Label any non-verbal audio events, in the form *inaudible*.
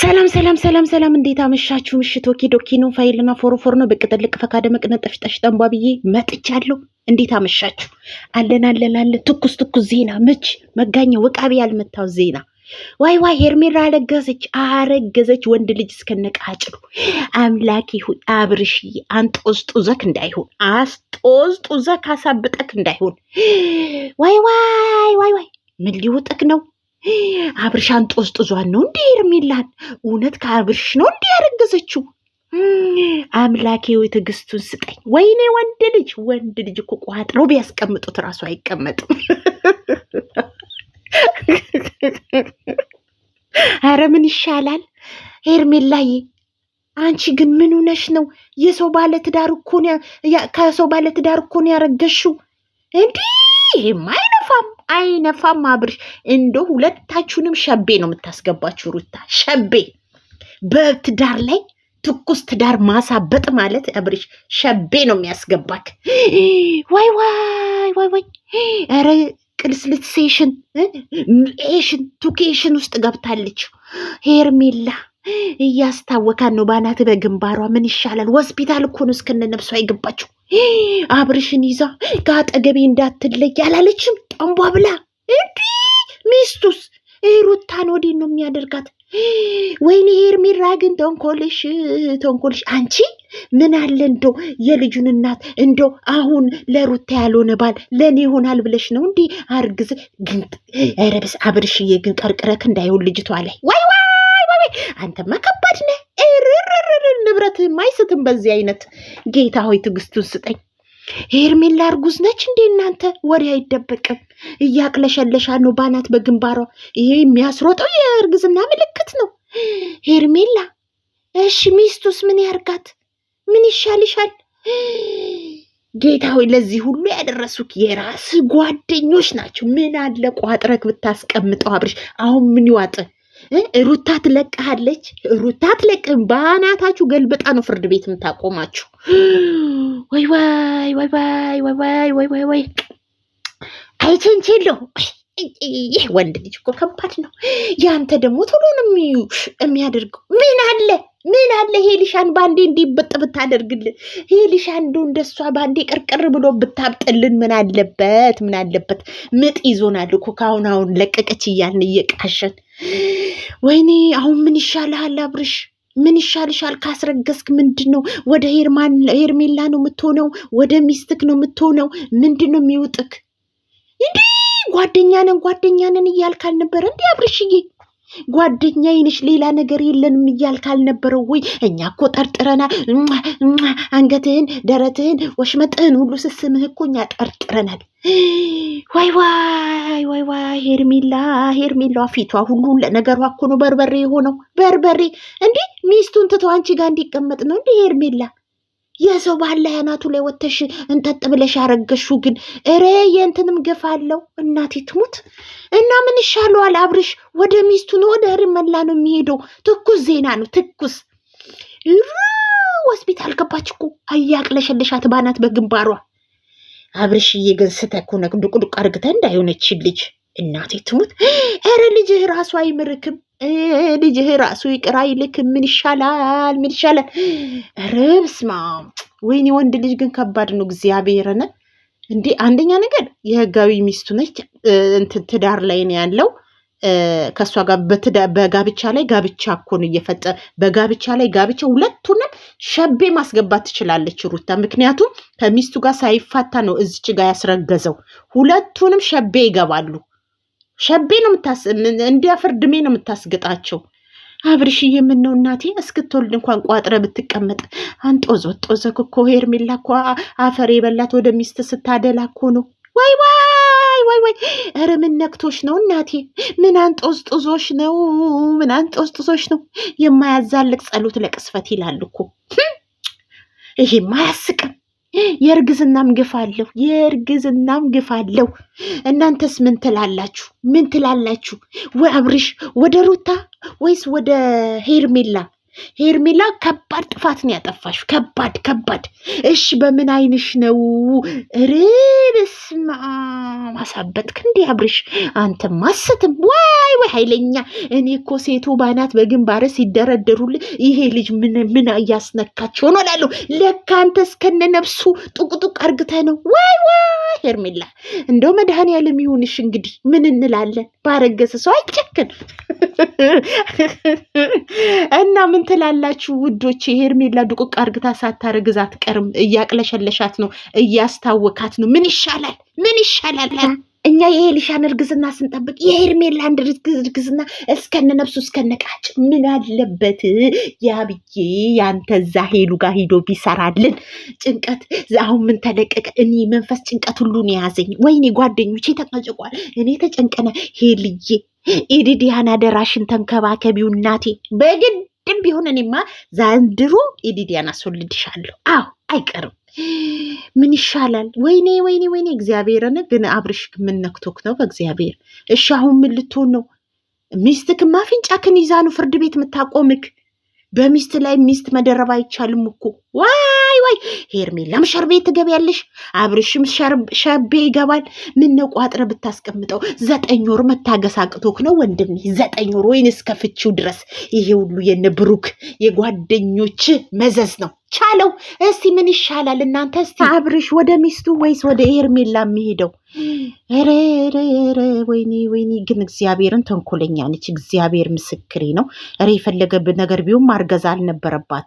ሰላም ሰላም ሰላም ሰላም፣ እንዴት አመሻችሁ? ምሽት ወኪ ዶኪ ነው፣ ፋይልና እና ፎሮፎር ነው። ብቅ ጥልቅ ፈካደ መቅነጥ ጠፍጠሽ ጠንቧ ብዬ መጥቻለሁ። እንዴት አመሻችሁ? አለን አለን አለን። ትኩስ ትኩስ ዜና ምች መጋኘ ወቃቢ ያልመታው ዜና ዋይ ዋይ! ሄርሜላ አረገዘች አረገዘች፣ ወንድ ልጅ እስከነቃጭሉ። አምላክ ይሁን አብርሽዬ፣ አንጦዝጡዘክ እንዳይሆን ዘክ አሳብጠክ እንዳይሆን። *gasps* ዋይ ዋይ ዋይ ዋይ! ምን ሊውጠክ ነው? አብርሻን ጦስጥዟን ነው እንዲህ ሄርሜላን? እውነት ከአብርሽ ነው እንዲህ ያረገዘችው? አምላኬ ወይ ትዕግስቱን ስጠኝ። ወይኔ ወንድ ልጅ ወንድ ልጅ እኮ ቋጥረው ቢያስቀምጡት እራሱ አይቀመጥም። አረ ምን ይሻላል ሄርሜላዬ? አንቺ ግን ምን ሆነሽ ነው? የሰው ባለትዳር እኮ ከሰው ባለትዳር እኮ ነው ያረገሽው። እንዲህ ይሄማ አይነፋም። አይነፋም። አብርሽ እንደ ሁለታችሁንም ሸቤ ነው የምታስገባችሁ። ሩታ ሸቤ በትዳር ላይ ትኩስ ትዳር ማሳበጥ ማለት አብርሽ ሸቤ ነው የሚያስገባክ። ዋይ ዋይ ዋይ ዋይ! ኧረ ሴሽን ኤሽን ቱኬሽን ውስጥ ገብታለች ሄርሜላ። እያስታወካን ነው ባናት በግንባሯ ምን ይሻላል? ሆስፒታል እኮ ነው እስከነ አብርሽን ይዛ ከአጠገቤ እንዳትለይ አላለችም። አንቧ ብላ እንዲ ሚስቱስ ሩታን ወዴ ነው የሚያደርጋት? ወይኔ ሄርሜላ ግን ተንኮልሽ ተንኮልሽ አንቺ ምን አለ እንዶ የልጁን እናት እንዶ አሁን ለሩታ ያልሆነ ባል ለእኔ ይሆናል ብለሽ ነው እንዲ አርግዝ ግን ረብስ አብርሽዬ ግን ቀርቅረክ እንዳይሆን ልጅቷ ላይ ወይ ወይ ወይ አንተማ ከባድ ነህ። ንብረት ማይስትም በዚህ አይነት ጌታ ሆይ ትዕግስቱን ስጠኝ። ሄርሜላ እርጉዝ ነች እንዴ? እናንተ ወሬ አይደበቅም። እያቅለሸለሻ ነው ባናት በግንባሯ። ይሄ የሚያስሮጠው የእርግዝና ምልክት ነው። ሄርሜላ እሺ፣ ሚስቱስ ምን ያርጋት? ምን ይሻልሻል? ጌታ ሆይ ለዚህ ሁሉ ያደረሱት የራስ ጓደኞች ናቸው። ምን አለ ቋጥረክ ብታስቀምጠው አብርሽ። አሁን ምን ይዋጥ? ሩታ ትለቅሃለች። ሩታ ትለቅ በአናታችሁ ገልብጣ ነው ፍርድ ቤት የምታቆማችሁ። ወይ ወይ ወይ ወይ ወይ ወይ ወይ ወይ ይህ ወንድ ልጅ እኮ ከባድ ነው። ያንተ ደግሞ ቶሎን የሚያደርገው ምን አለ ምን አለ ሄሊሻን ባንዴ እንዲበጥ ብታደርግልን፣ ሄሊሻ እንዶ እንደሷ ባንዴ ቅርቅር ብሎ ብታብጥልን፣ ምን አለበት? ምን አለበት? ምጥ ይዞናል እኮ ካሁን አሁን ለቀቀች እያልን እየቃሸን ወይኔ አሁን ምን ይሻልሃል አብርሽ? ምን ይሻልሻል? ካስረገዝክ ምንድን ነው ወደ ሄርሜላ ነው የምትሆነው? ወደ ሚስትክ ነው የምትሆነው? ምንድን ነው የሚውጥክ? እንዲህ ጓደኛ ነን እያልክ አልነበረ እንዲህ አብርሽዬ? ጓደኛዬ ነሽ ሌላ ነገር የለንም እያልክ አልነበረው ወይ? እኛ እኮ ጠርጥረና አንገትህን፣ ደረትህን፣ ወሽመጥህን ሁሉ ስስምህ እኮ እኛ ጠርጥረናል። ዋይ ዋይ ዋይ ዋይ! ሄርሜላ ሄርሜላ ፊቷ ሁሉ ለነገሯ እኮ ነው በርበሬ የሆነው። በርበሬ እንዴ! ሚስቱን ትተው አንቺ ጋር እንዲቀመጥ ነው እንዴ ሄርሜላ የሰው ባህል ላይ አናቱ ላይ ወተሽ እንጠጥ ብለሽ ያረገሹ ግን እሬ የእንትንም ገፋ አለው እናቴ ትሙት እና ምን ይሻለዋል? አብርሽ ወደ ሚስቱ ነው ወደ ርመላ ነው የሚሄደው። ትኩስ ዜና ነው ትኩስ። ሆስፒታል ገባች እኮ አያቅለሸለሻት ባናት በግንባሯ። አብርሽዬ ግን ስተኩ ነቅ ዱቁዱቅ አርግተ እንዳይሆነች ልጅ እናቴ ትሙት። እረ ልጅህ ራሱ አይምርክም ልጅህ ራሱ ይቅር አይልክ። ምን ይሻላል? ምን ይሻላል? ኧረ በስመ አብ! ወይኔ ወንድ ልጅ ግን ከባድ ነው። እግዚአብሔርን እንዴ! አንደኛ ነገር የህጋዊ ሚስቱ ነች፣ እንትን ትዳር ላይ ነው ያለው ከእሷ ጋር በጋብቻ ላይ ጋብቻ እኮ ነው እየፈጠ በጋብቻ ላይ ጋብቻ ሁለቱንም ሸቤ ማስገባት ትችላለች ሩታ። ምክንያቱም ከሚስቱ ጋር ሳይፋታ ነው እዚች ጋር ያስረገዘው። ሁለቱንም ሸቤ ይገባሉ። ሸቤ ነው እንዲያፍር ድሜ ነው የምታስግጣቸው። አብርሽዬ ምነው እናቴ እስክትወልድ እንኳን ቋጥረ ብትቀመጥ። አንጦዞ ጦዘ እኮ ሄርሜላ እኮ አፈር የበላት ወደ ሚስት ስታደላ እኮ ነው። ወይ ወይ ወይ ወይ! ኧረ ምን ነክቶሽ ነው እናቴ? ምን አንጦዝ ጦዞሽ ነው? ምን አንጦዝ ጦዞሽ ነው? የማያዛልቅ ጸሎት ለቅስፈት ይላል እኮ። ይሄማ አያስቅም። የእርግዝናም ግፍ አለው። የእርግዝናም ግፍ አለው። እናንተስ ምን ትላላችሁ? ምን ትላላችሁ? ወይ አብርሽ ወደ ሩታ ወይስ ወደ ሄርሜላ ሄርሜላ ከባድ ጥፋት ነው ያጠፋሽ። ከባድ ከባድ። እሺ በምን አይንሽ ነው ርብስማ ማሳበጥክ እንዲህ አብርሽ፣ አንተ ማሰትም ዋይ ወይ ኃይለኛ። እኔ እኮ ሴቱ ባናት በግንባር ሲደረደሩል ይሄ ልጅ ምን ምን እያስነካቸው ነው እላለሁ። ለካ አንተ እስከነ ነብሱ ጡቅጡቅ አርግተ ነው ሄርሜላ እንደው መድኃኒዓለም ይሁንሽ። እንግዲህ ምን እንላለን? ባረገሰ ሰው አይጨክን *laughs* እና ምን ትላላችሁ ውዶች? የሄርሜላ ዱቁቅ አርግታ ሳታረግዝ አትቀርም። እያቅለሸለሻት ነው፣ እያስታወካት ነው። ምን ይሻላል? ምን ይሻላል? እኛ የሄልሻን እርግዝና ስንጠብቅ የሄርሜላንድ እርግዝና እስከነ ነብሱ እስከነ ቃጭ ምን አለበት ያብዬ ያንተ እዛ ሄሉ ጋር ሂዶ ቢሰራልን። ጭንቀት አሁን ምን ተለቀቀ? እኔ መንፈስ ጭንቀት ሁሉን የያዘኝ። ወይኔ ጓደኞቼ ተቀጭቋል። እኔ ተጨንቀነ ሄልዬ ኢዲዲያን አደራሽን ተንከባከቢው እናቴ። በግድም ቢሆን እኔማ ዛንድሮ ኢዲዲያን አስወልድሻለሁ። አዎ አይቀርም ምን ይሻላል? ወይኔ ወይኔ ወይኔ እግዚአብሔርን ግን አብርሽ የምነክቶክ ነው በእግዚአብሔር። እሺ አሁን ምን ልትሆን ነው? ሚስትክማ አፍንጫክን ይዛኑ ፍርድ ቤት የምታቆምክ በሚስት ላይ ሚስት መደረብ አይቻልም እኮ። ዋይ ዋይ ሄርሜላም ሸርቤ ትገቢያለሽ፣ አብርሽም ሸርቤ ይገባል። ምነው ቋጥረ ብታስቀምጠው ዘጠኝ ወር መታገስ አቅቶክ ነው ወንድም? ዘጠኝ ወር ወይን እስከ ፍቺው ድረስ ይሄ ሁሉ የነ ብሩክ የጓደኞች መዘዝ ነው። ቻለው እስቲ ምን ይሻላል እናንተ? እስቲ አብርሽ ወደ ሚስቱ ወይስ ወደ ኤርሜላ የሚሄደው? ረረረ ወይኔ ወይኔ! ግን እግዚአብሔርን ተንኮለኛ ነች። እግዚአብሔር ምስክሬ ነው። ረ የፈለገ ነገር ቢሆን ማርገዝ አልነበረባትም።